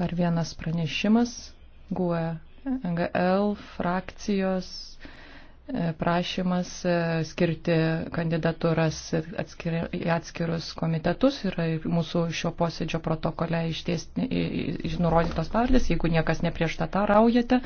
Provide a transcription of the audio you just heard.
Dar vienas pranešimas. GUE NGL frakcijos e, prašymas e, skirti kandidatūras atskiri, atskirus komitetus yra mūsų šio posėdžio protokole išties nurodytos pavardės, jeigu niekas neprieštataraujate,